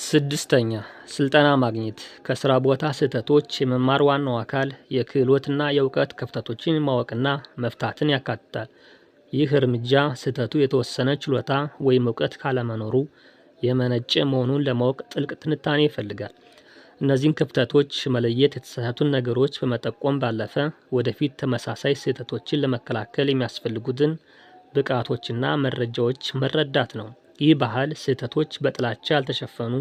ስድስተኛ ስልጠና ማግኘት ከስራ ቦታ ስህተቶች የመማር ዋናው አካል የክህሎትና የእውቀት ክፍተቶችን ማወቅና መፍታትን ያካትታል። ይህ እርምጃ ስህተቱ የተወሰነ ችሎታ ወይም እውቀት ካለመኖሩ የመነጨ መሆኑን ለማወቅ ጥልቅ ትንታኔ ይፈልጋል። እነዚህን ክፍተቶች መለየት የተሳሳቱን ነገሮች በመጠቆም ባለፈ ወደፊት ተመሳሳይ ስህተቶችን ለመከላከል የሚያስፈልጉትን ብቃቶችና መረጃዎች መረዳት ነው። ይህ ባህል ስህተቶች በጥላቻ ያልተሸፈኑ፣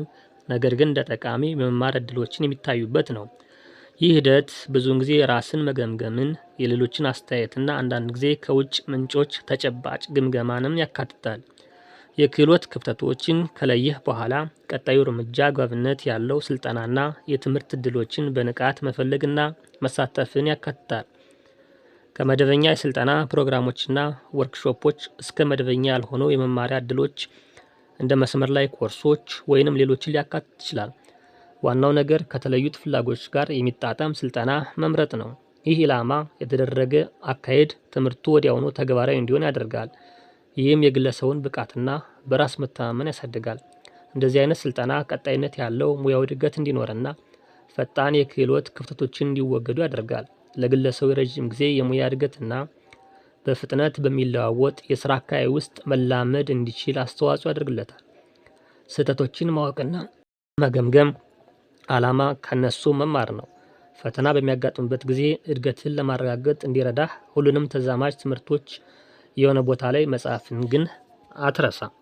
ነገር ግን እንደ ጠቃሚ የመማር እድሎችን የሚታዩበት ነው። ይህ ሂደት ብዙውን ጊዜ ራስን መገምገምን፣ የሌሎችን አስተያየትና አንዳንድ ጊዜ ከውጭ ምንጮች ተጨባጭ ግምገማንም ያካትታል። የክህሎት ክፍተቶችን ከለየህ በኋላ ቀጣዩ እርምጃ አግባብነት ያለው ስልጠናና የትምህርት እድሎችን በንቃት መፈለግና መሳተፍን ያካትታል። ከመደበኛ የስልጠና ፕሮግራሞችና ወርክሾፖች እስከ መደበኛ ያልሆኑ የመማሪያ እድሎች እንደ መስመር ላይ ኮርሶች ወይንም ሌሎችን ሊያካትት ይችላል። ዋናው ነገር ከተለዩት ፍላጎች ጋር የሚጣጠም ስልጠና መምረጥ ነው። ይህ ኢላማ የተደረገ አካሄድ ትምህርቱ ወዲያውኑ ተግባራዊ እንዲሆን ያደርጋል። ይህም የግለሰቡን ብቃትና በራስ መተማመን ያሳድጋል። እንደዚህ አይነት ስልጠና ቀጣይነት ያለው ሙያዊ እድገት እንዲኖርና ፈጣን የክህሎት ክፍተቶችን እንዲወገዱ ያደርጋል። ለግለሰቡ የረዥም ጊዜ የሙያ እድገትና በፍጥነት በሚለዋወጥ የስራ አካባቢ ውስጥ መላመድ እንዲችል አስተዋጽኦ ያደርግለታል። ስህተቶችን ማወቅና መገምገም ዓላማ ከነሱ መማር ነው። ፈተና በሚያጋጥምበት ጊዜ እድገትን ለማረጋገጥ እንዲረዳህ ሁሉንም ተዛማጅ ትምህርቶች የሆነ ቦታ ላይ መጽሐፍን ግን አትረሳም።